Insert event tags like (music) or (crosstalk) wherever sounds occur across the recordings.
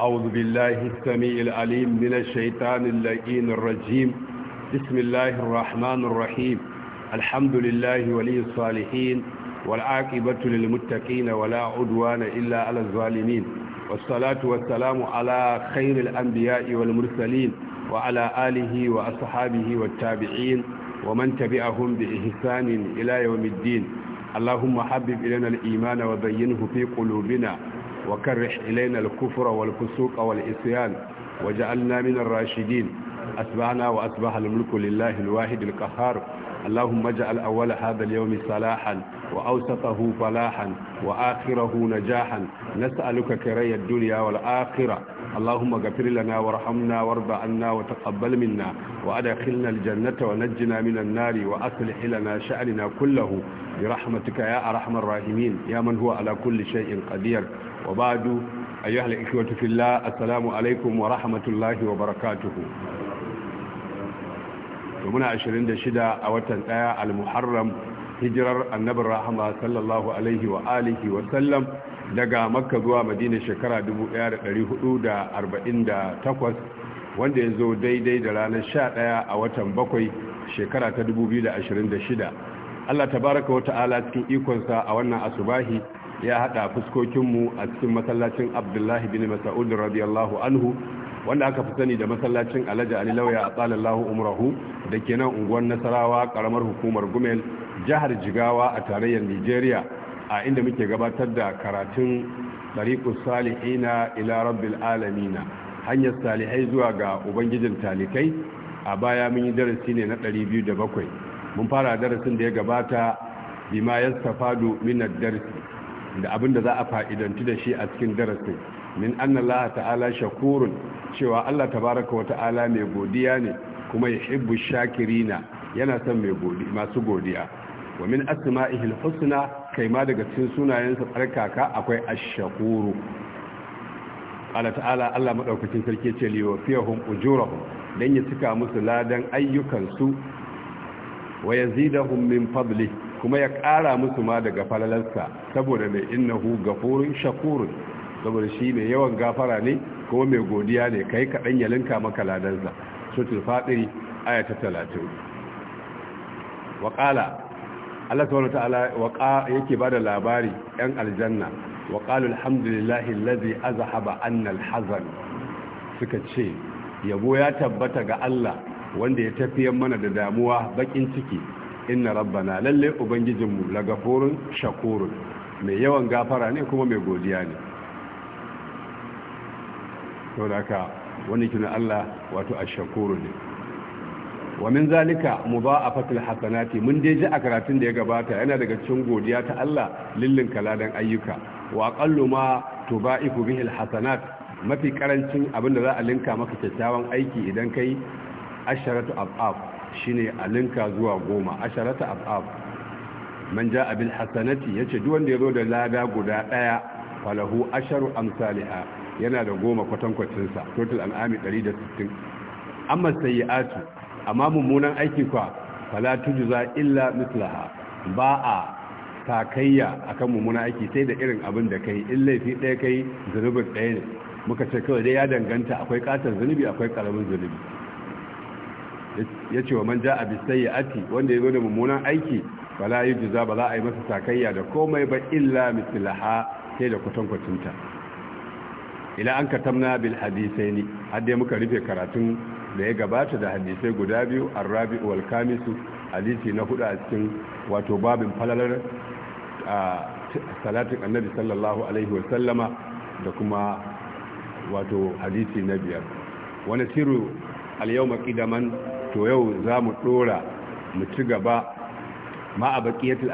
أعوذ بالله السميع العليم من الشيطان اللئين الرجيم بسم الله الرحمن الرحيم الحمد لله ولي الصالحين والعاقبة للمتقين ولا عدوان إلا على الظالمين والصلاة والسلام على خير الأنبياء والمرسلين وعلى آله وأصحابه والتابعين ومن تبعهم بإحسان إلى يوم الدين اللهم حبب إلينا الإيمان وبينه في قلوبنا وكرح إلينا الكفر والفسوق والإسيان وجعلنا من الراشدين أسبحنا وأسبح الملك لله الواحد القهار اللهم اجعل أول هذا اليوم صلاحا وأوسطه فلاحا وآخره نجاحا نسألك كري الدنيا والآخرة اللهم اغفر لنا وارحمنا وارض عنا وتقبل منا وأدخلنا الجنة ونجنا من النار وأصلح لنا شأننا كله برحمتك يا أرحم الراحمين يا من هو على كل شيء قدير وبعد أيها الإخوة في الله السلام عليكم ورحمة الله وبركاته to muna 26 a watan daya al-muharram hijirar annabin rahama sallallahu alaihi wa alihi wa sallam daga makka zuwa madina shekara 1448 wanda ya zo daidai da ranar 11 a watan bakwai shekara ta 2026 Allah tabaraka wa ta'ala cikin ikonsa a wannan asubahi ya hada fuskokinmu a cikin masallacin abdullahi bin mas'ud radiyallahu anhu wanda aka fi sani da masallacin alhaji ali lauya a tsalallahu umrahu da ke nan unguwar nasarawa karamar hukumar gumel jihar jigawa a tarayyar nigeria a inda muke gabatar da karatun tariqus salihina ila rabbil alamina hanyar salihai zuwa ga ubangijin talikai a baya mun yi darasi ne na 207 mun fara darasin da ya gabata bima yastafadu min ad-darsi da abinda za a fa'idantu da shi a cikin darasin min anna ta'ala shakurun cewa Allah tabaraka wata ala mai godiya ne kuma yuhibbu shakirina yana son masu godiya wa min asma'ihi al-husna ma daga cikin sunayensa tsarkaka akwai ash-shakuru Allah ta'ala Allah madaukakin sarki ce liyo fiyahum ujurahum dan ya cika musu ladan ayyukansu wa yazidahum min fadli kuma ya ƙara musu ma daga falalarsa saboda mai innahu gafurun shakurun saboda shi mai yawan gafara ne ko mai godiya ne kai kaɗan ya linka maka ladansa sutul fadiri aya talatin waƙala Allah subhanahu ta'ala waƙa yake ba da labari 'yan aljanna waƙalul alhamdulillahi lazi azhaba annal hazan suka ce yabo ya tabbata ga Allah wanda ya tafiyar mana da damuwa baƙin ciki inna na lalle ubangijinmu la gafurun shakurun mai yawan gafara ne kuma mai godiya ne saboda wani kina Allah wato ashakuru ne wa min zalika mudha'afatul hasanati mun dai ji a karatun da ya gabata yana daga cikin godiya ta Allah lillin kaladan ayyuka wa aqallu ma tubaifu bihi alhasanat mafi karancin abin da za a linka maka kyakkyawan aiki idan kai asharatu af'af shine a linka zuwa goma asharatu af'af man ja bil hasanati yace duk wanda yazo da lada guda daya falahu asharu amsalihah yana da goma kwatankwacinsa total al'ami 160 amma sayyi'atu amma mummunan aiki kwa fala tujza illa mislaha ba a takayya akan mummunan aiki sai da irin abin da kai in laifi ɗaya kai zunubin ɗaya ne muka ce kawai dai ya danganta akwai katar zunubi akwai karamin zunubi ya ce wa man ja abi ati, wanda ya zo da mummunan aiki fala yujza ba za a yi masa takayya da komai ba illa mislaha sai da kwatankwacinta ila an katamna bil hadisai hadde muka rufe karatun da ya gabata da hadisai guda biyu arrabi wal kamisu hadisi na hudu a cikin wato babin falalar salatin annabi sallallahu alaihi wa sallama da kuma wato hadisi na biyar wani siru al-yawma qidaman to yau mu dora mu ci gaba ma a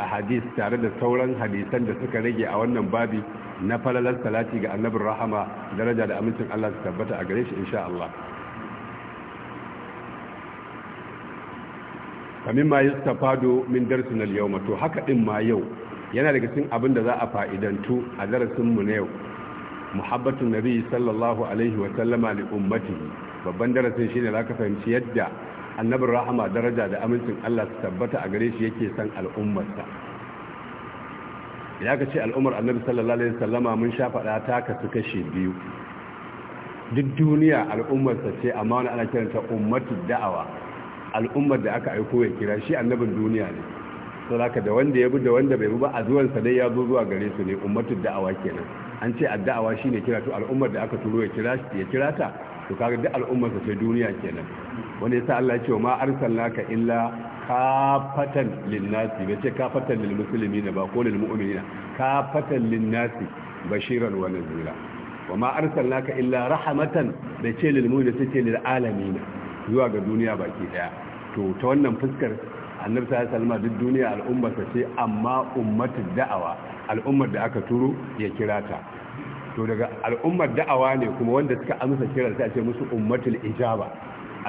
ahadith tare da sauran hadisan da suka rage a wannan babi na falalar salati ga annabin rahama daraja da amincin Allah su tabbata a gare shi insha Allah kamin ma yastafado min darsin al-yawma haka ɗin ma yau yana daga cin abin da za a fa'idantu a darasin na yau muhabbatun nabi sallallahu alaihi wa sallama li babban darasin shi ne za ka fahimci yadda annabin rahama daraja da amincin Allah su tabbata a gare shi yake san al'ummarsa ya ka ce al'ummar annabi sallallahu alaihi wasallama mun sha faɗa ta su kashe biyu duk duniya al'ummarsa ce amma wani ana kiranta ummatu da'awa al'ummar da aka aiko ya kira shi annabin duniya ne sau da da wanda ya bi da wanda bai bi ba a zuwansa dai ya zo zuwa gare su ne ummatu da'awa kenan an ce addawa shi ne kira to al'ummar da aka turo ya kira ta to kaga duk al'ummarsa ce duniya kenan wanda yasa Allah ya ce ma arsalnaka illa kafatan linnasi bai ce kafatan lil muslimina ba ko lil mu'minina kafatan linnasi bashiran wa nadhira wa ma arsalnaka illa rahmatan da ce lil mu'minina sai ce lil alamin zuwa ga duniya baki daya to ta wannan fuskar annabi sallallahu alaihi wasallam duk duniya al'umma ta ce amma ummatu da'awa al'ummar da aka turo ya kira ta to daga al'ummar da'awa ne kuma wanda suka amsa kira sai a ce musu ummatul ijaba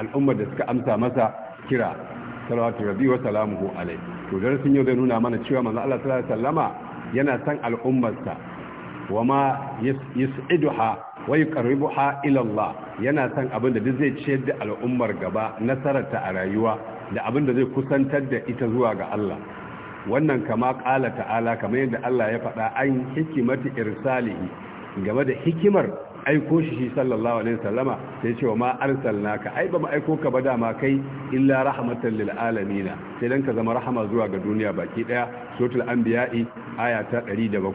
al'ummar da suka amsa masa kira salawatu rabbi wa salamuhu alai to darasin yau zai nuna mana cewa manzo Allah sallallahu alaihi wasallama yana san al'ummarsa ma yus'iduha wa yuqarribuha ila Allah yana san abin da zai ciyar da al'ummar gaba ta a rayuwa da abin da zai kusantar da ita zuwa ga Allah wannan kama ƙala ta'ala kamar yadda Allah ya faɗa an hikimati irsalihi game da hikimar aiko shi sallallahu alaihi wasallama sai cewa ma ka ai ba mu aiko ka ba dama kai illa rahmatan lil alamin sai dan ka zama rahama zuwa ga duniya baki daya suratul anbiya'i aya ta 107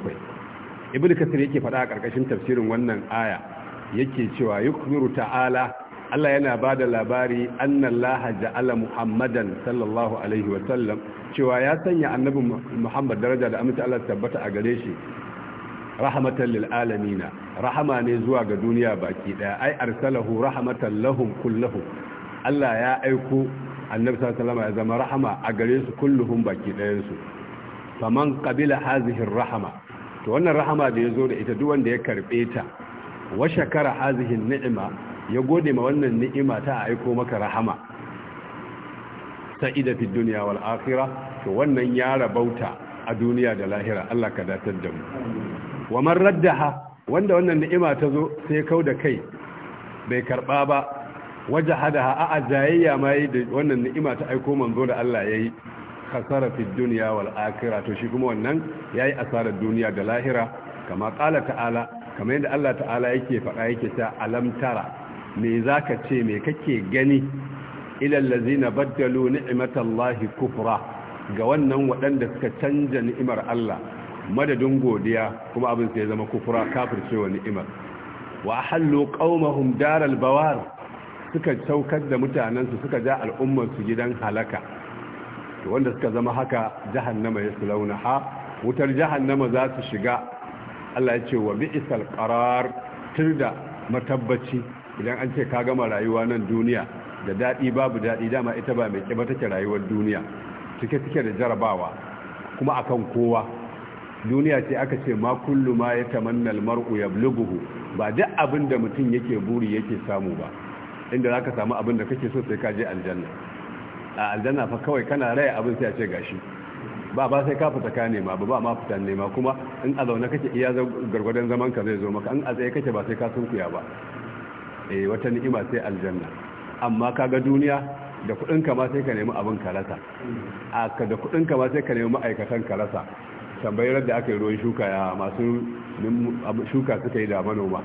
ibnu kasir yake faɗa a karkashin tafsirin wannan aya yake cewa yukmiru ta'ala Allah yana ba da labari annallaha ja'ala Muhammadan sallallahu alaihi wasallam cewa ya sanya annabi Muhammad daraja da amince Allah tabbata a gare shi rahmatan lil alamin rahama ne zuwa ga duniya baki daya ai arsalahu rahmatan lahum kulluhum Allah ya aiko annabi sallallahu alaihi ya zama rahama a gare su kulluhum baki dayan su faman qabila hazihi rahama to wannan rahama da yazo da ita duk wanda ya karbe ta wa shakara hazihi ni'ima ya gode ma wannan ni'ima ta aiko maka rahama sa'ida fi dunya wal akhirah to wannan ya rabauta a duniya da lahira Allah ka datar da mu wa man raddaha wanda wannan ni'ima ta zo sai kau da kai bai karɓa ba waje ha, a jayayya ma yi da wannan ni'ima ta aiko manzo da Allah yayi kasara fi dunya wal akhirah to shi kuma wannan yayi asarar duniya da lahira kama qala ta'ala kamar yadda Allah ta'ala yake faɗa yake ta alam tara me zaka ce me kake gani ilallazi na baddalu ni'matallahi kufra ga wannan waɗanda suka canja ni'imar Allah madadin godiya kuma abin sai zama kufura kafircewa ni'imar wa ahallu qaumahum daral bawar suka saukar da mutanensu suka ja al'ummar su gidan halaka to wanda suka zama haka jahannama ya sulauna ha wutar jahannama za su shiga Allah ya ce wa bi'sal qarar tirda matabbaci idan an ce ka gama rayuwa nan duniya da dadi babu dadi dama ita ba mai kiba take rayuwar duniya take take da jarabawa kuma akan kowa duniya ce aka ce ma kullu ma ya tamannal mar'u yablughu ba duk abin da mutum yake buri yake samu ba inda zaka samu abin da kake so sai ka je aljanna a aljanna fa kawai kana raya abin sai a ce gashi ba ba sai ka fita ka nema ba ba ma fita nema kuma in a zaune kake iya gargwadon zaman ka zai zo maka in a tsaye kake ba sai ka sunkuya ba eh wata ni'ima sai aljanna amma kaga duniya da kudin ka ma sai ka nemi abin ka rasa a da kudin ka ma sai ka nemi ma'aikatan ka rasa tambayar da aka yi ruwan shuka ya masu shuka suka yi da manoma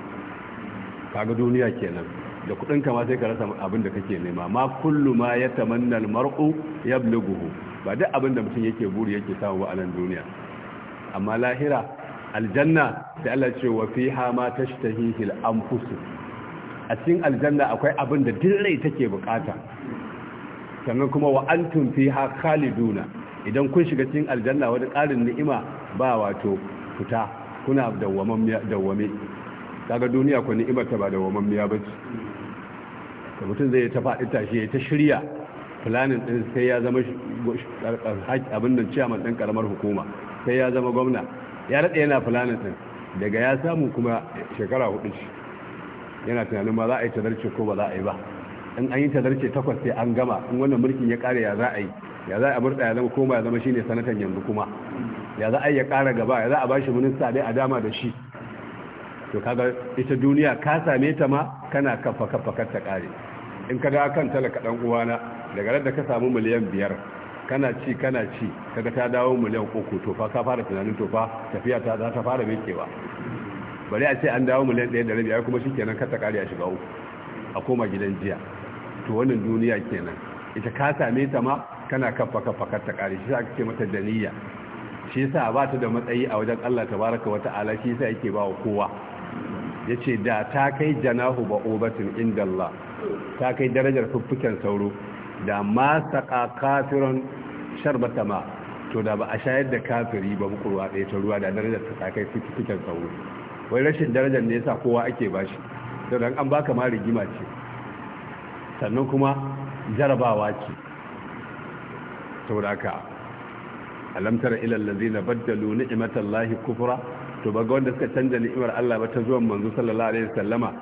kaga duniya kenan da kudin kama sai ka rasa abin da kake nema ma kullu ma ya tamanna almar'u yablughu ba duk abin da mutum yake buri yake samu ba a nan duniya amma lahira aljanna sai Allah ce wa fiha ma tashtahihi al-anfus a cikin aljanna akwai abin da dirrai take bukata sannan kuma wa antum fiha khaliduna idan kun shiga cikin aljanna wani ƙarin ni'ima ba wato fita kuna dawwame kaga duniya ku ni'imarta ta ba miya ba ce da mutum zai ta faɗi tashi ya ta shirya planin ɗin sai ya zama abin da ciyaman ɗin ƙaramar hukuma sai ya zama gwamna ya daɗe yana planin ɗin daga ya samu kuma shekara hudu yana tunanin ma za a yi tazarce ko ba za a yi ba in an yi tazarce takwas sai an gama in wannan mulkin ya ƙare ya za a yi ya za a burda ya zama ko ya zama shine sanatan yanzu kuma ya za a ya kara gaba ya za a bashi minista dai a dama da shi to kaga ita duniya ka same ta ma kana kafa kafa kar ta kare in ka dawo kan talaka dan uwana daga da ka samu miliyan biyar kana ci kana ci kaga ta dawo miliyan uku to fa ka fara tunanin to fa tafiya ta za ta fara mikewa bari a ce an dawo miliyan ɗaya da rabi ai kuma shikenan kar ta kare a shiga uku a koma gidan jiya to wannan duniya kenan ita ka same ta ma kana kafa kafa kar ta kare shi ake mata daniya shi sa ba ta da matsayi a wajen Allah tabaraka wa ta'ala shi sa yake ba kowa yace da ta kai janahu ba'ubatin inda Allah ta kai darajar fuffuken sauro da ma saqa kafirun sharbata ma to da ba a shayar da kafiri ba bukurwa ɗaya ta ruwa da darajar ta kai fuffuken sauro wai rashin darajar ne yasa kowa ake bashi don an baka ma rigima ce sannan kuma jarabawa ce sauraka alamtar ilal ladina baddalu ni'matallahi kufura, to baga wanda suka canja ni'imar Allah ba ta zuwan manzo sallallahu alaihi wasallama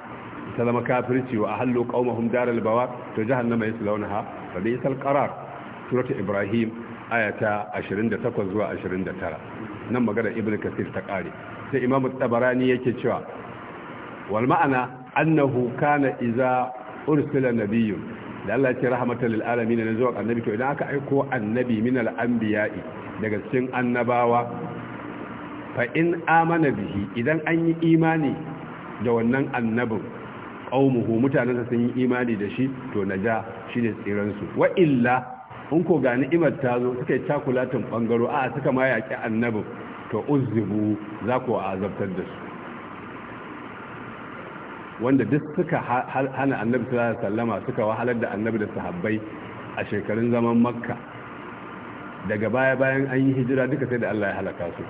sallama kafirci wa ahallu qaumahum daral bawa to jahannama yaslawnaha fa bi'sal qarar suratu ibrahim ayata 28 zuwa 29 nan magana ibnu kasir ta kare sai imamu tabarani yake cewa wal ma'ana annahu kana iza ursila nabiyyun da Allah ya ce rahmatan lil alamin nan zuwa annabi to idan aka aiko annabi min al anbiya'i daga cikin annabawa fa in amana bihi idan an yi imani da wannan annabin qaumuhu mutanansa sun yi imani da shi to naja shine tsiran su wa illa in ko ga ni'imar ta zo suka yi cakulatin bangaro a suka ma yaki annabin to uzzibu za ku azabtar da su wanda duk suka hana annabi sallallahu alaihi wasallam suka wahalar da annabi da sahabbai a shekarun zaman makka daga baya bayan an yi hijira duka sai da Allah ya halaka su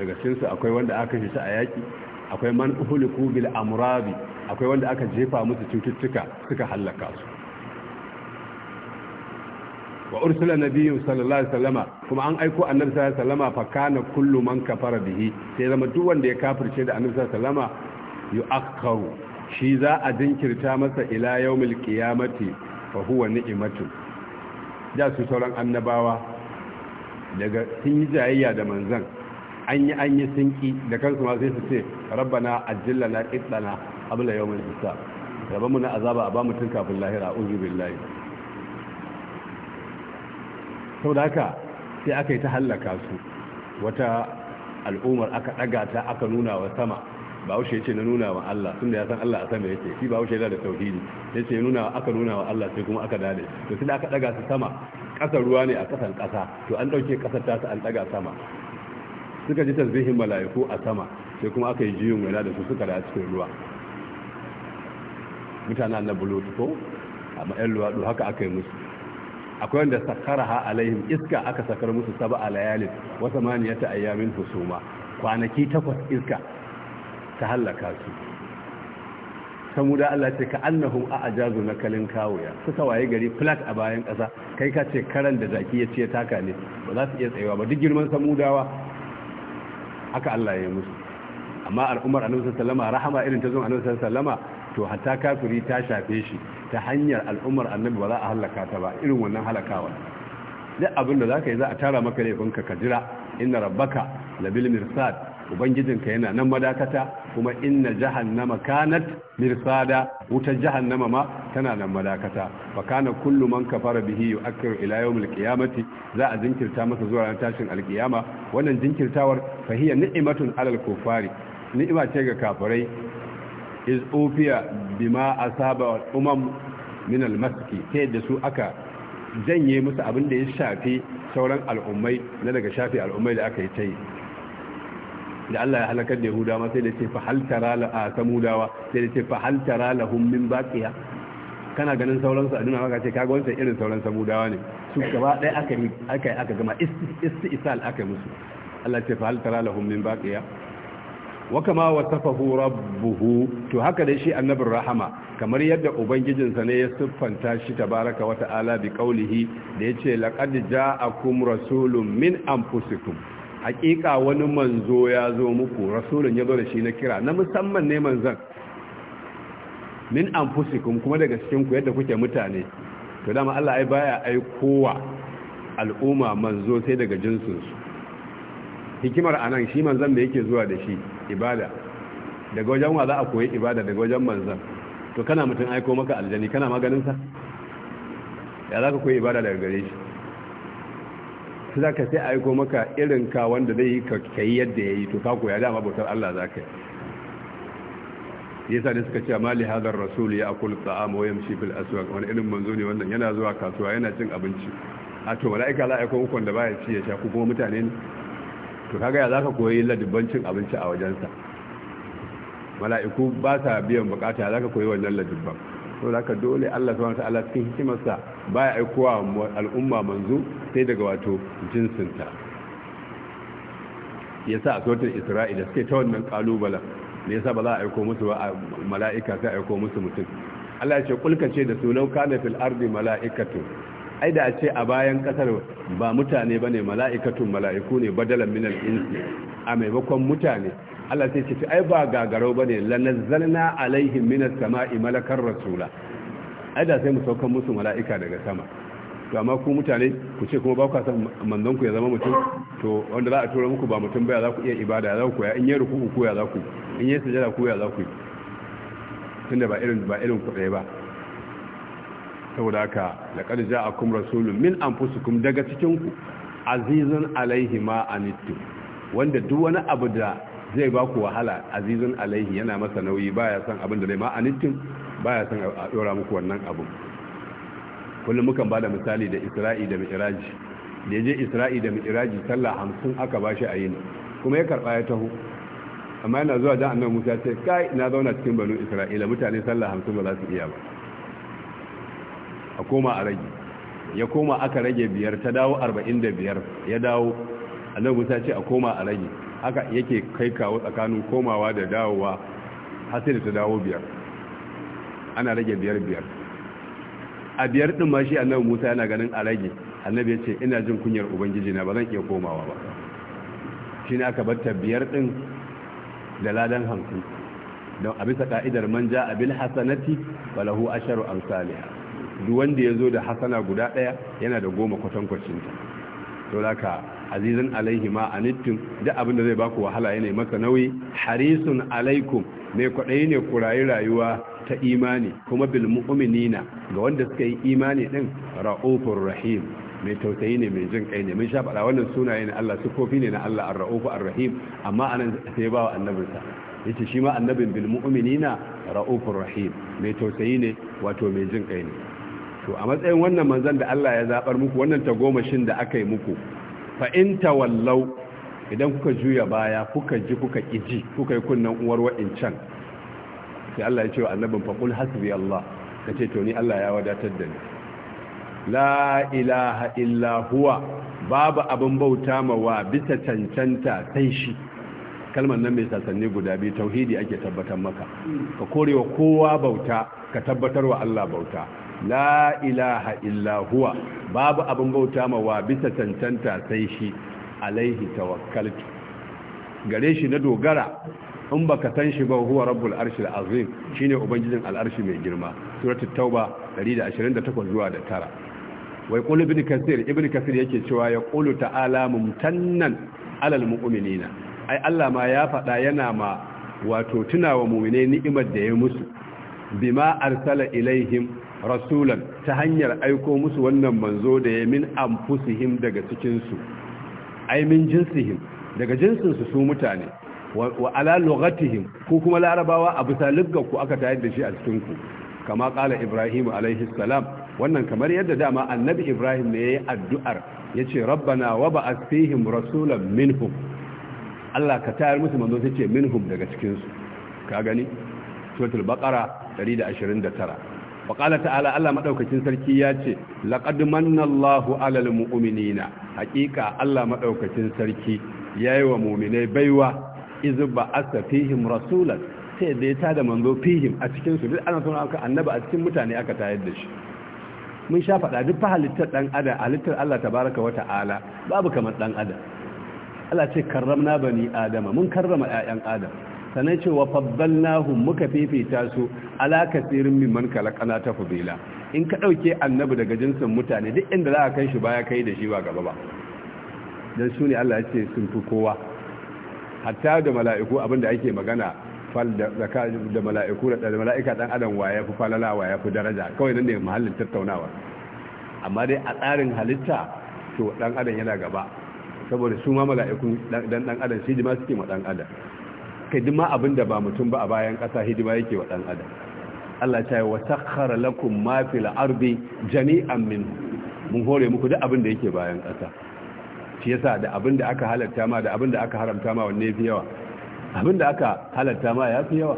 daga cikinsu akwai wanda aka shi a yaki akwai man uhuliku bil amrabi akwai wanda aka jefa musu cututtuka suka halaka su wa ursala nabiyyu sallallahu alaihi wasallama kuma an aiko annabi sallallahu alaihi wasallama fa kana kullu man kafara bihi sai zama duk wanda ya kafirce da annabi sallallahu alaihi wasallama akkaru shi za a jinkirta masa ila yawmil qiyamati fa huwa ni'imatu da su sauran annabawa daga sun yi jayayya da manzan an yi an yi da kansu ma sai su ce na ajillana qitana abla yawmil hisab rabamu na azaba a ba mutun kafin lahira layi Sau da haka sai aka yi ta hallaka su wata al'ummar aka ɗaga ta aka nuna wa sama wuce yace na nuna wa Allah tunda ya san Allah a sama yake shi wuce yana da tauhidi yace nuna aka nuna wa Allah sai kuma aka dade to tunda aka daga su sama kasar ruwa ne a kasan kasa to an dauke kasar ta an daga sama suka ji tasbihin mala'iku a sama sai kuma aka yi jiyun wela da su suka da cikin ruwa mutanen na bulut ko amma ruwa luwaɗu haka aka yi musu akwai wanda sakara ha alaihim iska aka sakar musu saba a layalin wata maniyata ayyamin husuma kwanaki takwas iska ta hallaka su samuda Allah ce ka annahum a ajazu na kalin kawuya suka waye gari flat a bayan ƙasa kai ka ce karan da zaki ya ce taka ne ba za su iya tsayawa ba duk girman samudawa haka Allah ya yi musu amma al'ummar annabi sallama rahama irin ta zuwa annabi sallama to hatta kafiri ta shafe shi ta hanyar al'ummar annabi ba za a halaka ta ba irin wannan halakawa duk abin da zaka yi za a tara maka laifinka ka jira inna rabbaka labil mirsad ubangijinka yana nan madakata kuma inna jahannama kanat mirsada wuta jahannama ma tana nan madakata fa kana kullu man kafara bihi yu'akkiru ila yawmil qiyamati za a jinkirta masa zuwa ran tashin alqiyama wannan jinkirtawar fa hiya ni'matun alal kufari ni'ima ce ga kafirai iz ufiya bima asaba umam min almaski ta yadda su aka janye musu abin da ya shafi sauran al'ummai na daga shafi al'ummai da aka yi ta yi da Allah ya halakar da ma sai da ce fa hal tara la samudawa sai da ce fa hal tara lahum min baqiya kana ganin sauransu a duniya k'a ce kaga wancan irin sauran samudawa ne su gaba ɗaya aka yi aka yi aka gama istisal aka yi musu Allah ya ce fa hal tara lahum min baqiya wa kama wasafahu rabbuhu to haka dai shi annabin rahama kamar yadda sa ne ya siffanta shi tabaraka wa ta'ala bi qaulihi da yace laqad ja'akum rasulun min anfusikum hakika wani manzo ya zo muku rasulun ya zo da shi na kira na musamman ne manzan min anfusikum kuma daga cikinku yadda kuke mutane to dama Allah ai baya ai kowa al'umma manzo sai daga jinsin su hikimar anan shi manzan da yake zuwa da shi ibada daga wajen wa za a koyi ibada daga wajen manzan to kana mutum aiko maka aljani kana maganin sa ya za ka koyi ibada daga gare shi za ka sai aiko maka irin ka wanda zai yi ka yi yadda ya yi to kako ya dama bautar Allah za ka yi yasa da suka cewa mali hadar rasulu ya akul ta'am wa yamshi fil aswaq wani irin manzo ne wannan yana zuwa kasuwa yana cin abinci a to malaika la aiko hukun da baya ci ya sha kuma mutane ne to kaga ya zaka koyi ladibban cin abinci a wajensa mala'iku ba sa biyan bukata zaka koyi wannan ladibban saboda haka dole Allah subhanahu wataala cikin hikimarsa baya aikowa al'umma manzo sai daga wato jinsinta yasa a sautar Isra'ila suke ta wannan kalubala me yasa ba za a aiko musu ba mala'ika sai aiko musu mutum Allah ya ce kulkace da su kana fil ardi mala'ikatu ai da a ce a bayan kasar ba mutane bane mala'ikatu mala'iku ne badalan al insi a maimakon mutane Allah sai ce ai ba gagarau bane lanazzalna alaihim minas sama'i malakar rasula ai da sai mu saukan musu mala'ika daga sama to amma ku mutane ku ce kuma ba ku san manzon ku ya zama mutum to wanda za a tura muku ba mutum ba ya za ku iya ibada ya za ku ya in yi ruku'u ku ya za ku in yi sujada ku ya za ku tunda ba irin ba irin ku ba saboda haka laqad ja'akum rasulun min anfusikum daga cikin ku azizun alaihi ma anittu wanda duk wani abu da zai ba ku wahala azizun alaihi yana masa nauyi baya son abin da zai ma anittin baya son a dora muku wannan abu kullum mukan bada misali da isra'i da mi'raji da je isra'i da mi'raji sallah hamsin aka shi a yini kuma ya karba ya taho amma yana zuwa da annabi Musa ce kai na zauna cikin banu Isra'ila mutane sallah hamsin ba za su iya ba a koma a rage ya koma aka rage biyar ta dawo arba'in da biyar ya dawo annabi Musa ce a koma a rage haka yake kai kawo tsakanin komawa da dawowa har ta dawo biyar ana rage biyar biyar a biyar din ma shi annabi Musa yana ganin a rage annabi ya ce ina jin kunyar ubangiji na ba zan iya komawa ba shi ne aka batta biyar ɗin da ladan hamsin don a bisa ka'idar manja abil hasanati Balahu asharu amsalha duk wanda ya zo da hasana guda ɗaya yana da goma kwatankwacinta to laka azizun alaihi ma a nittin duk abin da zai baku wahala ya yana maka nauyi harisun alaikum mai kwaɗayi ne ku rayu rayuwa ta imani kuma bil mu'minina ga wanda suka yi imani din ra'ufur rahim mai tausayi ne mai jin kai ne mun sha faɗa wannan sunaye ne Allah kofi ne na Allah ar-ra'ufu ar-rahim amma anan sai ba wa annabinsa yace shi ma annabin bil mu'minina ra'ufur rahim mai tausayi ne wato mai jin kai ne to a matsayin wannan manzon da Allah ya zaɓar muku wannan tagomashin da aka yi muku Fa'inta wallau idan kuka juya baya kuka ji kuka kiji kuka yi kunnan uwar wa'incan sai Allah ya ce wa annabin faƙul hasbi Allah ka ce to Allah ya wadatar da ni la ilaha illa huwa babu abin bauta mawa bisa cancanta sai shi kalmar nan mai sasanni guda biyu tauhidi ake tabbatar maka ka korewa kowa bauta ka tabbatar wa Allah bauta la ilaha illa huwa babu abin bauta ma wa bisa tantanta sai shi alaihi tawakkaltu gare shi na dogara in baka san shi ba huwa rabbul arshil azim shine ubangijin al'arshi mai girma suratul tauba 128 zuwa da tara wai qul ibn kasir ibn kasir yake cewa ya qulu ta'ala mumtannan alal mu'minina ai Allah ma ya faɗa yana ma wato tunawa muminai ni'imar da ya musu bima arsala ilaihim rasulan ta hanyar aiko musu wannan manzo da ya min amfusihim daga cikinsu ai min jinsihim daga jinsinsu su mutane wa ala lughatihim ko kuma larabawa a bisa ku aka tayar da shi a cikin ku kama kala ibrahim alaihi salam wannan kamar yadda dama annabi ibrahim ne yayi addu'ar yace rabbana wa ba'ath fihim rasulan minhum Allah ka tayar musu manzo sai ce minhum daga cikin su ka gani suratul baqara 129 faƙala ta'ala Allah maɗaukakin sarki ya ce laƙad mannallahu alal mu'minina haƙiƙa Allah maɗaukakin sarki ya yi wa muminai baiwa izu ba asa fihim rasulan sai da ya da manzo fihim a cikin su duk ana sanar aka annaba a cikin mutane aka tayar da shi mun sha faɗa duk fa halittar ɗan adam halittar Allah tabaraka wa ta'ala babu kamar ɗan adam Allah ce karramna bani adama mun karrama 'ya'yan adam sanai ce wa nahu muka fifita su ala kasirin mimman kalakana ta fubila in ka dauke annabi daga jinsin mutane duk inda za a kai shi baya kai da shi ba gaba ba dan su ne Allah ya ce sun fi kowa hatta da mala'iku abinda ake magana fal da zaka da mala'iku da mala'ika dan adam ya fi falala ya fi daraja kawai nan ne mahallin tattaunawa amma dai a tsarin halitta to dan adam yana gaba saboda su ma mala'ikun dan dan adam shi ma suke ma dan adam haka dima abin da ba mutum ba a bayan ƙasa hidima yake wa ɗan adam Allah ta yi wa sakhara lakun ma la'arbi ardi jami'an min mun hore muku duk abin da yake bayan ƙasa shi yasa da abin da aka halatta ma da abin da aka haramta ma wanne fi yawa abin da aka halatta ma ya fi yawa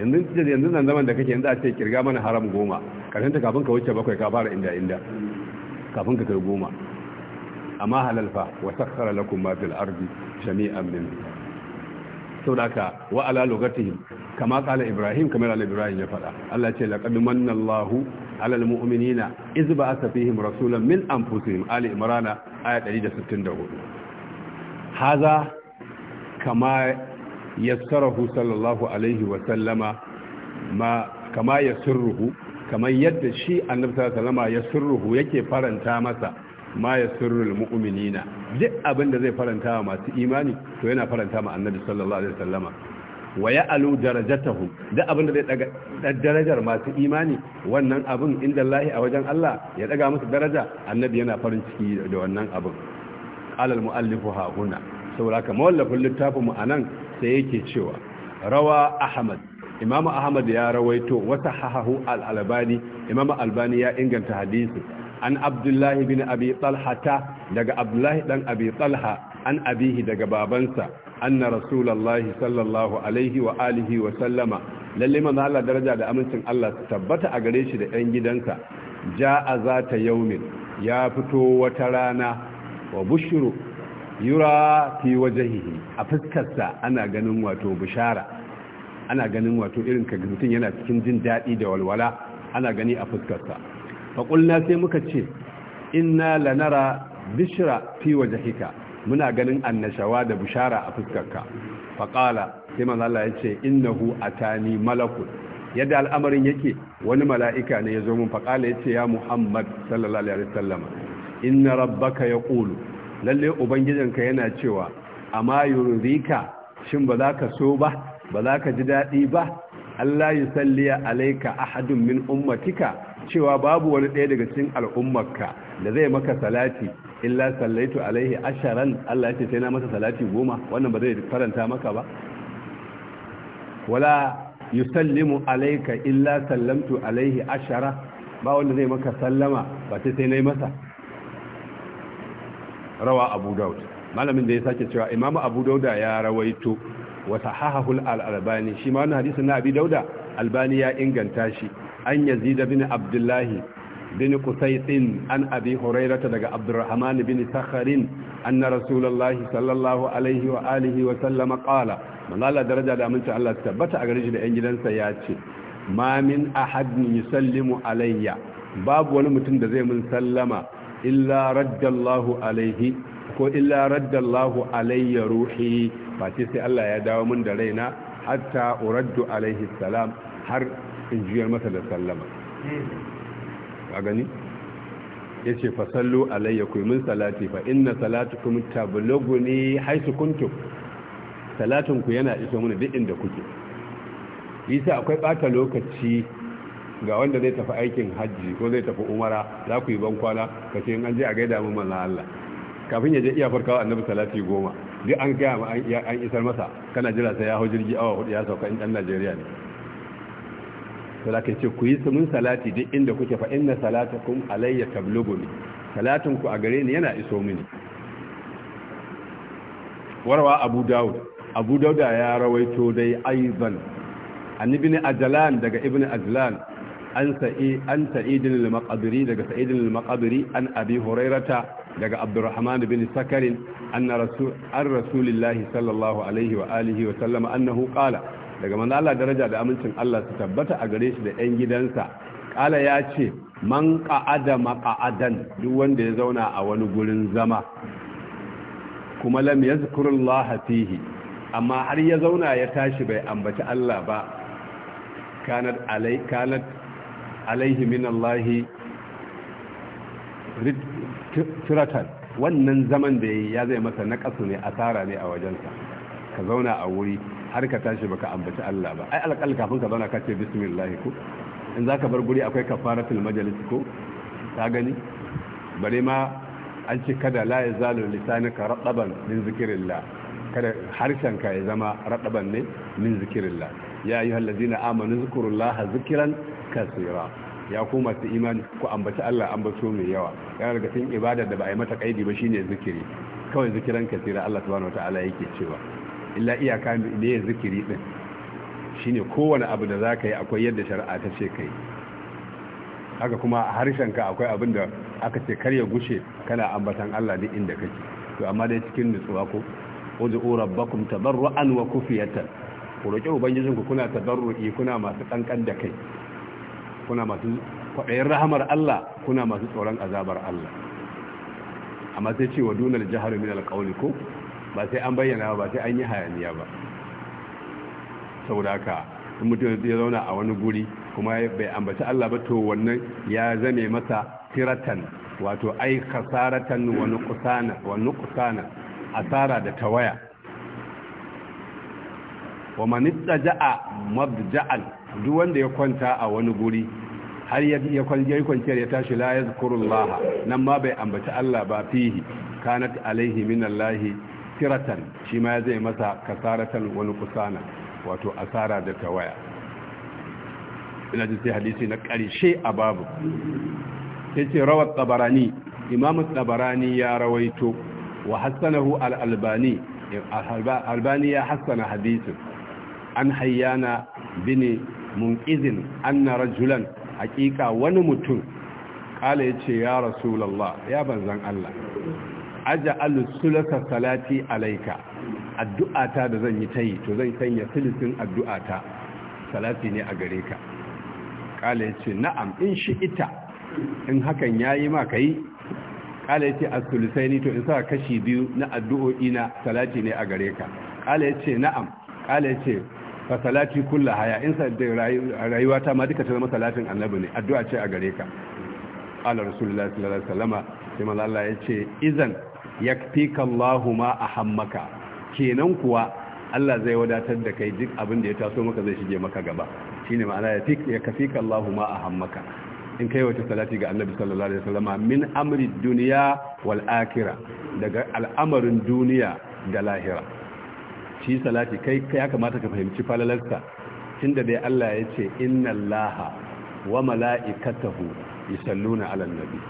yanzu yanzu nan zaman da kake yanzu a ce kirga mana haram goma karshen ta kafin ka wuce bakwai ka fara inda inda kafin ka kai goma amma halalfa wa sakhara lakun ma la'arbi ardi jami'an min saboda haka wa ala lugatihim kama kala ibrahim kamar ala ibrahim ya faɗa Allah ce laqad manna Allahu ala almu'minina iz ba'atha fihim rasulan min anfusihim ali imran aya 164 haza kama yassarahu sallallahu alaihi wa sallama ma kama yassirruhu kamar yadda shi annabi sallallahu alaihi wa sallama yassirruhu yake faranta masa ma ya sirrul mu'minina duk abin da zai faranta wa masu imani to yana faranta ma annabi sallallahu alaihi wasallama wa ya'alu darajatahu duk abin da zai daga darajar masu imani wannan abin inda lahi a wajen Allah ya daga musu daraja annabi yana farin ciki da wannan abin alal muallifu ha huna saboda ka mawallafin littafin mu anan sai yake cewa rawa ahmad imam ahmad ya rawaito wata hahu al albani imam albani ya inganta hadisi an abdullahi bin abi ta daga abdullahi dan abi talha an abihi daga babansa anna rasulullahi sallallahu alaihi wa alihi wa sallama lalle manzo Allah daraja da amincin Allah su tabbata a gare shi da ɗan gidansa ja'a zata yaumin ya fito wata rana wa bushru yura fi wajhihi a fuskarsa ana ganin wato bishara ana ganin wato irin ka mutum yana cikin jin daɗi da walwala ana gani a fuskarsa faƙulna sai muka ce inna lanara bishira fi waje hika muna ganin annashawa da bishara a fuskarka faƙala sai manzala ya ce innahu atani malaku. yadda al'amarin yake wani mala'ika ne ya zo mun faƙala ya ce ya muhammad sallallahu alaihi wasallama rabbaka ya ƙulu lalle ka yana cewa amma yurika shin ba za ka so ba ba za ka ji daɗi ba allah yi salliya alaika ahadun min ummatika cewa babu wani ɗaya daga cikin al'ummarka da zai maka salati illa sallaitu alaihi asharan Allah ce sai na masa salati goma wannan ba zai faranta maka ba wala yusallimu alayka illa sallamtu alaihi ashara ba wanda zai maka sallama ba sai sai nayi masa rawa abu daud malamin da ya sake cewa imamu abu dauda ya rawaito wa sahahahu al-albani shi ma wannan hadisin na abi dauda albani ya inganta shi an yazid bin abdullahi bin qusaytin an abi hurairata daga abdurrahman bin sakharin anna rasulullahi sallallahu alaihi wa alihi wa sallama qala la daraja da aminci Allah tabbata a garin shi da yan gidansa ya ce ma min ahadin yusallimu alayya babu wani mutum da zai mun sallama illa raddallahu alaihi ko illa raddallahu alayya ruhi ba sai Allah ya dawo mun da raina hatta uraddu alaihi salam har sun juyar masa da sallama hmm. a gani ya ce fasallu alayya min salati fa inna kuma tablogu ne haisu kuntum salatinku yana iso mana duk inda kuke isa akwai bata lokaci ga wanda zai tafi aikin hajji ko zai tafi umara za ku yi bankwana ka ce an je a gaida mu mana Allah kafin ya je iya farkawa annabi salati goma duk an gaya an isar masa kana jira sai ya hau jirgi awa hudu ya sauka in ɗan Najeriya ne to ce ku yi mun salati duk inda kuke fa inna salatakum alayya tabluguni salatin ku a gare ni yana iso mini warwa abu daud abu dauda ya rawaito dai aizan an ibn ajlan daga ibn ajlan an sa'i an sa'idin al-maqdiri daga sa'idin al-maqdiri an abi hurairata daga abdurrahman bin sakarin anna rasul ar rasulillahi sallallahu alaihi wa alihi wa sallama annahu qala daga manzo Allah daraja da amincin Allah su tabbata a gare shi da ƴan gidansa kala ya ce man qa'ada maq'adan duk wanda ya zauna a wani gurin zama kuma lam yazkurullaha fihi amma har ya zauna ya tashi bai ambaci Allah ba kanat alai kanat alaihi min wannan zaman da ya zai masa nakasu ne asara ne a wajensa ka zauna a wuri har ka tashi baka ambaci Allah ba ai alƙal kafin ka zauna ka ce bismillah ko in zaka bar guri akwai kafaratul majalis ko ta gani bare ma an ce kada la yazalu lisanuka radaban min zikrillah kada harshen ka ya zama radaban ne min zikrillah ya ayyuhal ladina amanu zkurullaha zikran kaseera ya ku masu imani ku ambaci Allah ambato mai yawa yana daga cikin ibada da ba a yi mata kaidi ba shine zikiri kawai zikiran kaseera Allah subhanahu wataala yake cewa illa iyaka da ya zikiri din shine kowane abu da za ka yi akwai yadda shari'a ta ce kai haka kuma a harshenka akwai abin da aka ce karya gushe kana ambatan Allah duk inda kake to amma dai cikin nutsuwa ko ud'u rabbakum tabarruan wa kufiyatan ku roki ku, kuna tabarru'i kuna masu kankan da kai kuna masu kwaɗayin rahamar Allah kuna masu tsoron azabar Allah amma sai ce wa dunal jahar min alqawli ko ba sai an bayyana ba sai an yi hayaniya ba saboda haka in mutum ya zauna a wani guri kuma bai ambaci Allah ba to wannan ya zame masa tiratan wato ai khasaratan wani kusana, asara da tawaya wa ja'a mabda ja'al duk wanda ya kwanta a wani guri har ya yi kwanciyar ya tashi la zukurullaha nan ma bai ambaci Allah ba fihi kanat alaihi minallahi kasiratan shi ma zai masa kasaratan wani kusana wato asara da tawaya ina ji sai hadisi na ƙarshe a babu yace rawat tabarani imamu tabarani ya rawaito wa hassanahu al-albani albani ya hassana hadisin an hayyana bin munqizin anna rajulan haqiqa wani mutum kala yace ya rasulallah ya banzan Allah aj'alu sulaka salati alayka addu'ata da zan yi ta yi to zan sanya sulusin addu'ata salati ne a gare ka kala yace na'am in shi ita, in hakan yayi ma kai kala yace as-sulusaini to in sa kashi biyu na addu'o'i na salati ne a gare ka kala yace na'am kala yace fa salati kullu haya in sa rayuwa ta ma duka ta zama salatin annabi ne addu'a ce a gare ka qala rasulullahi sallallahu alaihi wasallama kuma Allah ya ce izan yakfika Allahu ma ahammaka kenan kuwa Allah zai wadatar da kai duk abin da ya taso maka zai shige maka gaba shine ma'ana ya kafika Allahu ma ahammaka in kai wata salati ga Annabi sallallahu alaihi wasallama min amri dunya wal akhirah daga al'amarin duniya da lahira shi salati kai ya kamata ka fahimci falalarsa tunda dai Allah ya ce inna Allaha wa mala'ikatahu yusalluna 'alan nabi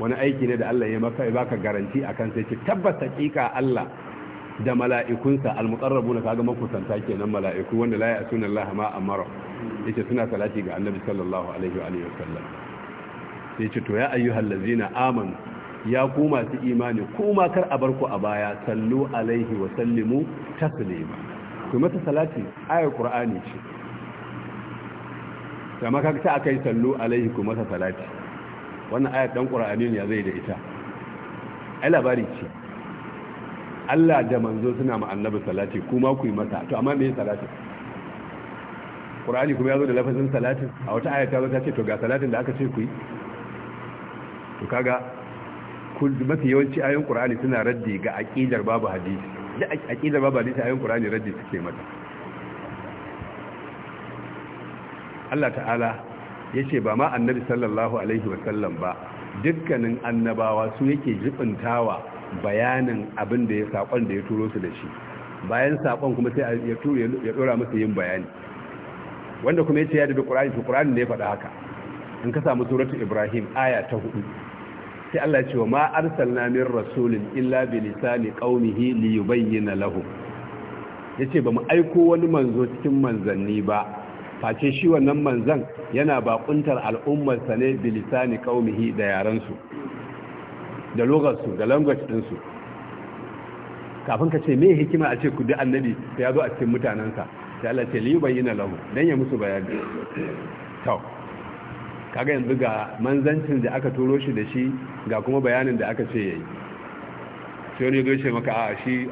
wani aiki ne da Allah ya maka ya baka garanti akan sai ce tabbas hakika Allah da mala'ikunsa al-muqarrabuna kaga makusanta kenan mala'iku wanda la ya'suna Allah ma amara yace suna salati ga Annabi sallallahu alaihi wa alihi wasallam yace ce to ya ayyuhal ladzina amanu ya ku masu imani ku ma kar a barku a baya sallu alaihi wa sallimu taslima to mata salati ayar qur'ani ce kama kaga ta akai sallu alaihi ku mata salati wannan ayat dan qur'ani ya zai da ita ai labari ce Allah da manzo suna ma annabi salati kuma ku yi masa to amma me salati qur'ani kuma ya zo da lafazin salatin a wata ayat ta zo ta ce to ga salatin da aka ce ku yi to kaga mafi yawanci ayoyin qur'ani suna raddi ga aqidar babu hadisi da aqidar babu hadisi ayoyin qur'ani raddi suke mata Allah ta'ala yace ba ma annabi sallallahu alaihi wasallam ba dukkanin annabawa su yake jibintawa bayanin abin da ya sakon da ya turo su da shi bayan sakon kuma sai ya turo ya yin bayani wanda kuma yace ya da Qur'ani to Qur'ani ne ya faɗa haka in ka samu suratul Ibrahim aya ta 4 sai Allah ce wa ma arsalna min rasulin illa bi lisani qaumihi li yubayyana lahum yace bamu aiko wani manzo cikin manzanni ba face shi wannan manzan yana bakuntar al'ummarsa ne bilisani kaumihi da yaransu da logarsu da language ɗinsu kafin ka ce me hikima a ce ku da annabi ya zo a cikin mutanensa sai Allah ce liyu bayyana lahu dan ya musu bayani to kaga yanzu ga manzancin da aka turo shi da shi ga kuma bayanin da aka ce yayi sai ne ce maka a shi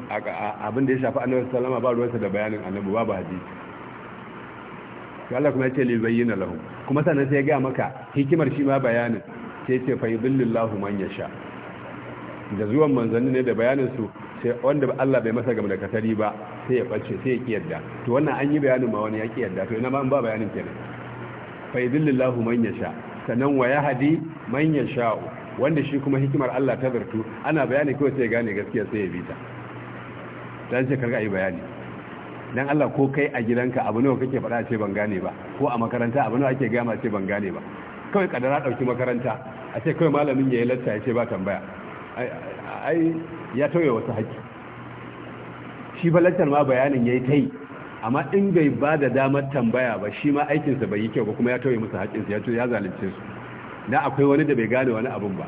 abin da ya shafi annabi sallama ba ruwansa da bayanin annabi ba ba hadisi to Allah kuma ya ce li bayyana lahum kuma sannan sai ya ga maka hikimar shi ma bayanin sai ce fa yudillillahu man yasha da zuwan manzanni ne da bayanin su sai wanda Allah bai masa game da kasari ba sai ya bace sai ya kiyarda to wannan an yi bayanin ma wani ya kiyarda to ina ma an ba bayanin kenan fa yudillillahu man yasha sannan wa yahdi man yasha wanda shi kuma hikimar Allah ta zartu ana bayani kawai sai ya gane gaskiya sai ya bi ta dan sai karga yi bayani dan Allah ko kai a gidanka abu nawa kake faɗa ce ban gane ba ko a makaranta abu nawa ake gama ce ban gane ba kawai kadara ɗauki makaranta a ce kawai malamin ya yi latta ya ce ba tambaya ai ya tauye wasu haƙƙi shi ba lattar ma bayanin ya yi ta yi amma in bai ba da damar tambaya ba shi ma aikinsa bai yi kyau ba kuma ya tauye musu haƙƙinsu ya ce ya zalunce su da akwai wani da bai gane wani abun ba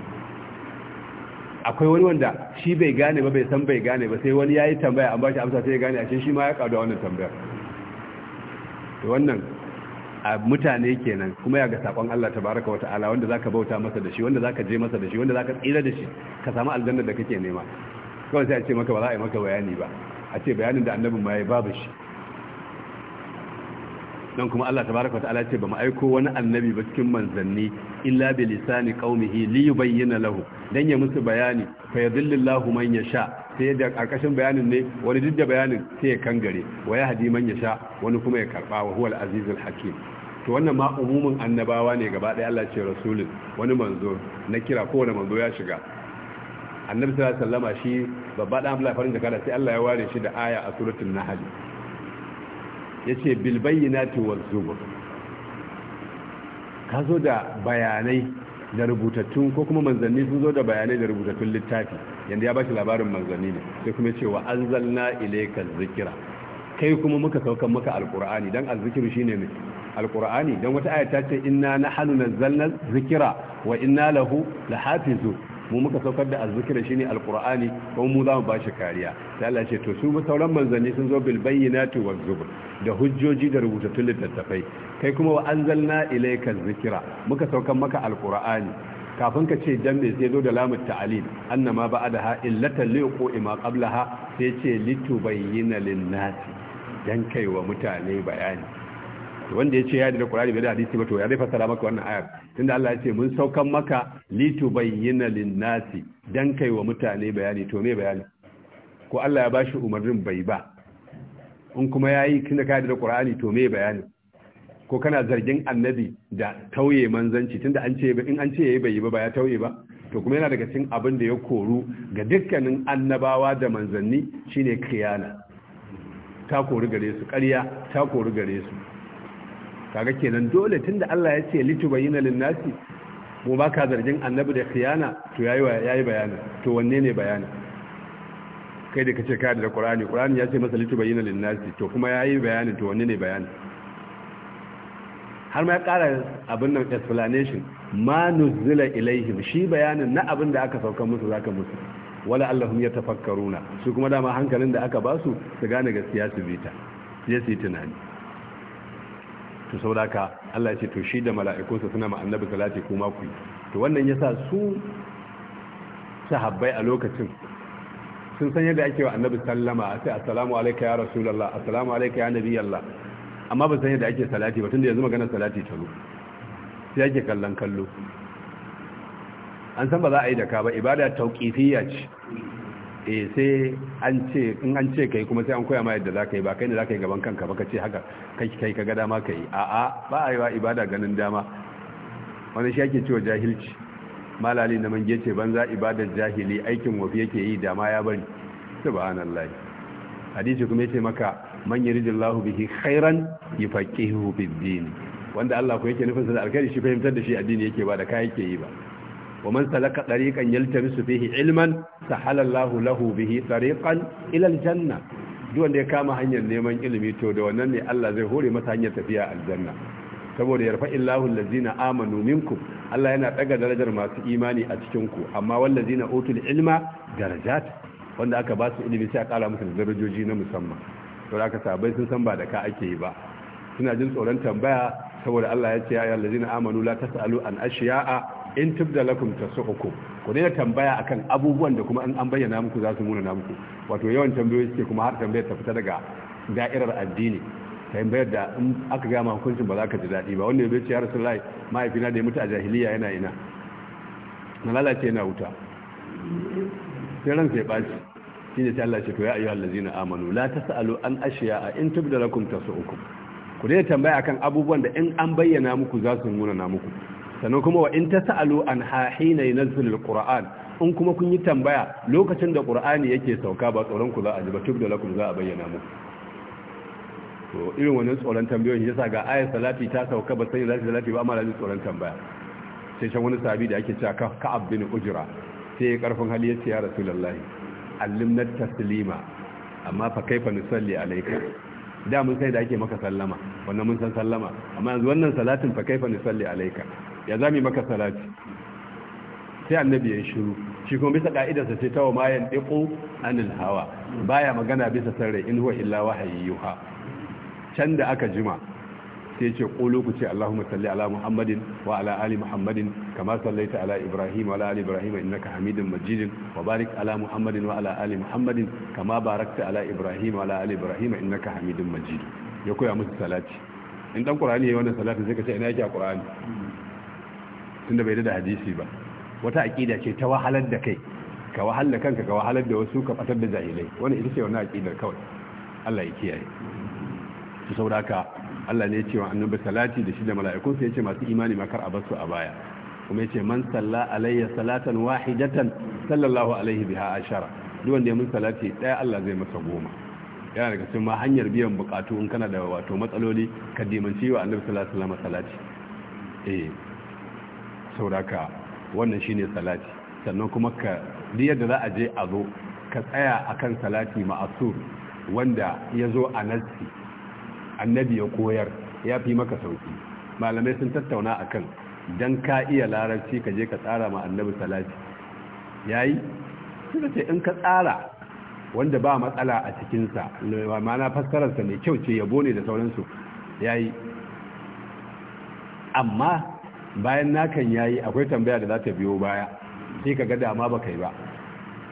akwai wani wanda shi bai gane ba bai san bai gane ba sai wani ya yi tambaya an ba shi amsa sai ya gane a shi ma ya karu a wannan tambayar wannan a mutane kenan kuma ya ga sakon Allah tabaraka wa ta'ala wanda zaka bauta masa da shi wanda zaka je masa da shi wanda zaka tsira da shi ka samu aljanna da kake nema kawai sai a ce maka ba za a yi maka bayani ba a ce bayanin da annabin ma ya babu shi don kuma Allah tabaraka wa ta'ala ce ba mu aiko wani annabi ba cikin manzanni illa bi lisani qaumihi li yubayyana lahu dan ya musu bayani fa yadhillillahu man yasha sai da karkashin bayanin ne wani duk da bayanin sai ya kangare wa yahdi man yasha wani kuma ya karba wa huwal azizul hakim to wannan ma umumin annabawa ne gaba ɗaya Allah ce rasulun wani manzo na kira kowane manzo ya shiga annabi sallallahu alaihi shi babba dan Allah farin jakada sai Allah ya ware shi da aya a suratul nahl yace bil bayyinati waz zubur ka zo da bayanai da rubutattun ko kuma manzanni sun zo da bayanai da rubutattun littafi Yadda ya bashi labarin manzanni ne sai kuma cewa anzalna ilayka zikira kai kuma muka saukan maka alqur'ani dan alzikiru shine ne alqur'ani dan wata aya ta ce inna nahnu nazzalna zikira wa inna lahu lahafizun mu muka saukar da azzikira ne alkur'ani kuma mu za mu shi kariya Ta Allah ce to su sauran manzanni sun zo bil bayyinati waz zubur da hujjoji da rubutattun littattafai kai kuma wa anzalna ilayka zikira muka saukar maka alkur'ani kafin ka ce dan me sai zo da lamu ta'alim annama ba'daha illatan liqu ima qablaha sai ce litubayyana lin-nasi dan kai wa mutane bayani Wanda ya ce ya da Qur'ani bai da hadisi ba to ya zai fassara maka wannan ayar tunda Allah ya ce mun saukan maka bayyana lin-nasi dan kai wa mutane bayani to me bayani ko Allah ya bashi umarnin bai ba in kuma yayi tunda ka da Qur'ani to me bayani ko kana zargin annabi da tauye manzanci tunda an ce in an ce yayi bai ba ba ya tauye ba to kuma yana daga cikin abin da ya koru ga dukkanin annabawa da manzanni shine kiyana ta kori gare su ƙarya ta kori gare su kaga kenan dole tunda Allah ya ce Litu bayyana lin-nasi mu ba ka zargin annabi da khiyana to yayi yayi bayani to wanne ne bayani kai da kace ka da Qur'ani Qur'ani ya ce masa Litu bayyana lin-nasi to kuma yayi bayani to wanne ne bayani har ma ya ƙara abin nan explanation ma nuzila ilaihim shi bayanin na abin da aka sauka musu zaka musu wala allahum yatafakkaruna su kuma dama hankalin da aka basu su gane gaskiya su bita sai su yi tunani to sauraka Allah ya ce to shi da mala'ikunsa suna ma annabi salati kuma ku to wannan yasa su sahabbai a lokacin sun san yadda ake wa annabi sallama sai assalamu alayka ya rasulullah assalamu alayka ya allah amma ba san yadda ake salati ba tunda yanzu magana salati ta zo sai ake kallon kallo an san ba za a yi da ka ba ibada tauqifiyya ce eh sai an ce in an ce kai kuma sai an koya ma yadda zaka yi ba kai ne zaka yi gaban kanka ba ka ce haka kai kai ka ga dama kai a'a ba a yi wa ibada ganin dama wani shi yake cewa jahilci malali na mange ce banza ibadar jahili aikin wafi yake yi dama ya bari subhanallahi hadisi kuma yace maka man yuridillahu bihi khairan yufaqihu bid din wanda Allah ko yake nufin sa da alkhairi shi fahimtar da shi addini yake ba da kai yake yi ba wa man salaka su yaltamisu bihi ilman sahala Allahu lahu bihi tariqan ila aljanna duk wanda ya kama hanyar neman ilimi to da wannan ne Allah zai hore masa hanyar tafiya aljanna saboda yarfa illahu allazina amanu minkum Allah yana daga darajar masu imani a cikin ku amma wallazina utul ilma darajat wanda aka ba su ilimi sai aka kara musu darajoji na musamman to aka sabai sun san ba da ka ake yi ba suna jin tsoron tambaya saboda Allah ya ce ya ayyuhal ladina amanu la tasalu an ashiya'a in da lakum uku, ku daina tambaya akan abubuwan da kuma an an bayyana muku za su muna na muku wato yawan tambayoyi suke kuma har tambayar ta fita daga da'irar addini tambayar da in aka gama hukuncin ba za ka ji daɗi ba wanda ya ce ya rasulullahi mahaifina da ya mutu a jahiliya yana ina na lalace yana wuta sai ran sai ɓaci shi ne ta Allah ce to ya ayyuhal ladzina amanu la tasalu an a in da lakum uku. ku dai tambaya akan abubuwan da in an bayyana muku za su muna na muku sannan kuma wa in tasalu an hahina yanzilul qur'an in kuma kun yi tambaya lokacin da qur'ani yake sauka ba tsoron ku za a ji ba tubda lakum za a bayyana mu to irin wannan tsoron tambayoyin yasa ga ayat salati ta sauka ba sai zaki salati ba amma da tsoron tambaya sai shan wani sabi da ake cewa ka'ab bin ujra sai ya karfin hali yace ya rasulullahi allimna taslima amma fa kaifa nusalli alayka da mun sai da ake maka sallama wannan mun san sallama amma yanzu wannan salatin fa kaifa nusalli alayka ya zami maka salati sai annabi ya shiru shi kuma bisa ka'idarsa sai tawa mayan diqu anil hawa baya magana bisa sarrai in huwa illa wahayi yuha can da aka jima sai ce ƙulu ku ce Allahumma salli ala Muhammadin wa ala ali Muhammadin kama sallaita ala Ibrahim wa ala ali Ibrahim innaka Hamidum Majidin wa barik ala Muhammadin wa ala ali Muhammadin kama barakta ala Ibrahim wa ala ali Ibrahim innaka Hamidum Majid ya koya musu salati in dan Qur'ani yayin wannan salati sai ka ce ina yake a Qur'ani tunda bai da hadisi ba wata aqida ce ta wahalar da kai ka wahalar kanka ka wahalar da wasu ka fatar da jahilai wani ita ce wannan aqida kawai Allah ya kiyaye su sauraka Allah ne ya ce wa annabi salati da shi da mala'ikun sai ya ce masu imani makar a a baya kuma ya ce man salla alayya salatan wahidatan sallallahu alaihi biha ashara duk wanda ya mun salati daya Allah zai masa goma yana daga cikin ma hanyar biyan bukatu in kana da wato matsaloli ka dimanci wa annabi sallallahu alaihi wasallam salati eh sauraka wannan shi ne salati sannan kuma ka biya da za a je a zo ka tsaya a kan salati ma'asur wanda ya zo a nassi annabi ya koyar ya fi maka sauki malamai sun tattauna a kan don ka iya larabci ka je ka tsara ma annabi salati Ya yayi suna ce in ka tsara wanda ba matsala a cikinsa mana fassararsa mai kyau ce yabo ne da sauransu ya yi amma bayan nakan yayi akwai tambaya da za ta biyo baya sai ka ga dama ba kai ba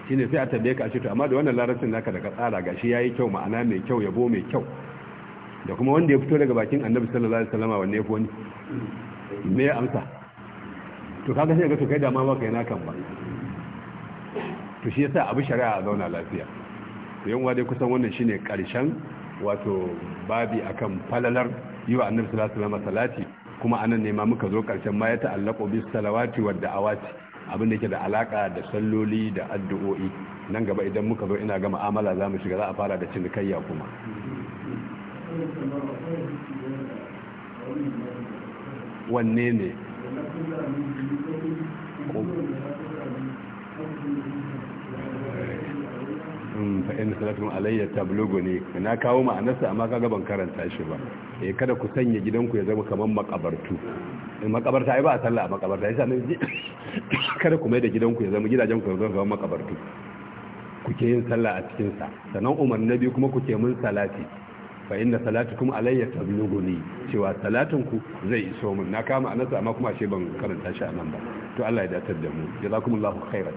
shine sai a tambaye ka a ce to amma da wannan larabcin naka da ka tsara gashi yayi kyau ma'ana mai kyau yabo mai kyau da kuma wanda ya fito daga bakin annabi sallallahu alaihi wasallama wanne ya fi wani me ya amsa to kaga sai ga to kai dama ba kai nakan ba to shi yasa abu shari'a a zauna lafiya to yan dai kusan wannan shine karshen wato babi akan falalar yi wa annabi sallallahu alaihi wasallama salati kuma anan ne ma muka zo karshen ma ya ta'allaqo bis salawati wad da'awati abin da yake da alaka da salloli da addu'o'i nan gaba idan muka zo ina ga mu'amala za mu shiga za a fara da cinikayya kuma wanne ne fa’in inna alayya tablugu ne na kawo ma'anarsa amma kaga ban karanta shi ba eh kada ku sanya gidanku ya zama kaman makabartu eh, makabarta ai ba a sallah a makabarta yasa ji (coughs) kada ku mai da gidanku ya zama gidajen ku ya zama kaman makabartu ke yin sallah a cikinsa. Sannan Umar na biyu kuma ku ke mun salati fa inna salatukum alayya ne cewa ku zai iso mun na kama ma'anarsa amma kuma ashe ban karanta shi nan ba to Allah ya dace da mu jazakumullahu khairan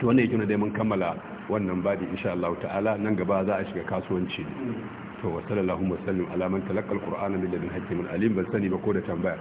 to wannan yake ne dai mun kammala wannan babi insha Allah ta'ala nan gaba za a shiga kasuwanci ne. to wa sallallahu wa sallam ala man talaqa alqur'ana min hakimin alim ban sani ba ko da tambaya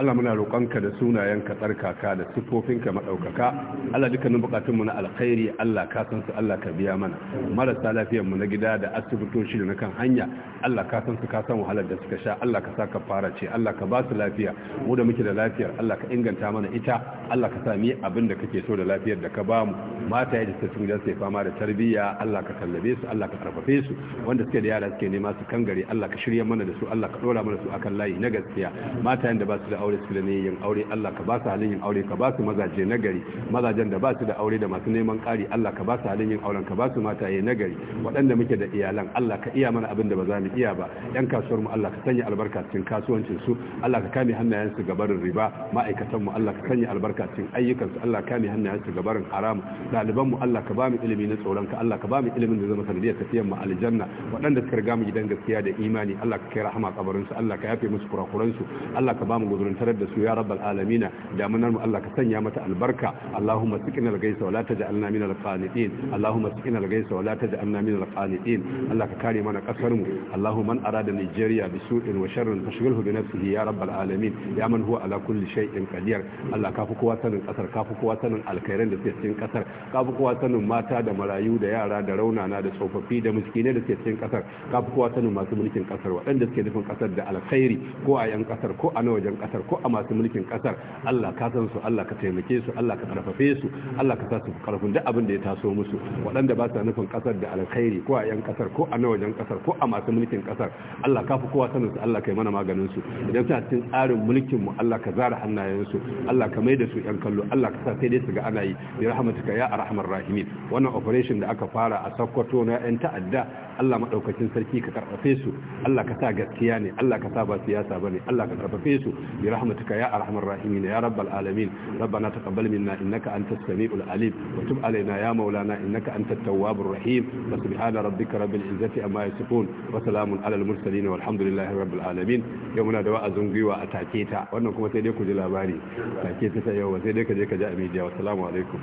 Allah muna roƙonka da sunayenka tsarkaka da sifofinka maɗaukaka Allah dukkanin buƙatunmu na alkhairi Allah ka san su Allah ka biya mana marasa lafiyarmu na gida da asibitoci da na kan hanya Allah ka san su ka san wahalar da suka sha Allah ka sa ka fara ce Allah ka ba su lafiya mu da muke da lafiyar Allah ka inganta mana ita Allah ka sami abin da kake so da lafiyar da ka ba mu mata ya da sun su sai fama da tarbiyya Allah ka tallabe su Allah ka karfafe su wanda suke da yara suke nema su kangare Allah ka shirya mana da su Allah ka dora mana su akan layi na gaskiya mata da ba su da aure suke da yin aure Allah ka ba su halin yin aure ka ba su mazaje nagari mazajen da ba su da aure da masu neman ƙari Allah ka ba su halin yin auren ka ba su mataye nagari waɗanda muke da iyalan Allah ka iya mana abin da ba za mu iya ba yan kasuwar mu Allah ka sanya albarka cikin kasuwancin su Allah ka kame hannayen su gabarin riba ma'aikatan mu Allah ka sanya albarka cikin ayyukan su Allah ka kame hannayen su gabarin haram ɗaliban mu Allah ka ba mu ilimi na tsoron ka Allah ka ba mu ilimin da zama sanadiyar tafiyar mu aljanna waɗanda suka riga mu gidan gaskiya da imani Allah ka kai rahama kabarin su Allah ka yafe musu kurakuran su Allah ka ba mu guzurin tarar da su ya rabbal alamina damunar mu Allah ka sanya mata albarka Allahumma sikina al-gaisa wa la taj'alna min al-qanitin Allahumma sikina gaisa wa taj'alna min qanitin Allah ka kare mana kasar mu Allahumma man arada Nigeria bi su'in wa sharrin fashghilhu bi nafsihi ya rabbal alamin ya man huwa ala kulli shay'in qadir Allah ka fi kowa sanin kasar ka fi kowa sanin alkhairan da ke cikin kasar ka fi kowa sanin mata da marayu da yara da raunana da tsofaffi da miskinai da ke cikin kasar ka fi kowa sanin masu mulkin kasar waɗanda suke nufin kasar da alkhairi ko a yan kasar ko a na wajen kasar ko a masu mulkin kasar Allah ka san su Allah ka taimake su Allah ka karfafe su Allah ka sa su karfin duk abin da ya taso musu waɗanda ba sa nufin kasar da alkhairi ko a yan kasar ko a na wajen kasar ko a masu mulkin kasar Allah ka fi kowa sanin su Allah ka yi mana maganin su idan suna cikin tsarin mulkin mu Allah ka zara hannayen su Allah ka mai da su yan kallo Allah ka sa sai dai su ga ana yi bi rahmatuka ya arhamar rahimin wannan operation da aka fara a Sokoto na yan ta'adda Allah madaukakin sarki ka karfafe su Allah ka sa gaskiya ne Allah ka sa ba siyasa bane Allah ka karfafe su bi برحمتك يا أرحم الراحمين يا رب العالمين ربنا تقبل منا إنك أنت السميع العليم وتب علينا يا مولانا إنك أنت التواب الرحيم وسبحان ربك رب العزة أما يصفون وسلام على المرسلين والحمد لله رب العالمين يومنا دواء زنقي وأتاكيتا وأنكم سيديكم جلاباني تاكيتا يوم سيديك جاء ميديا والسلام عليكم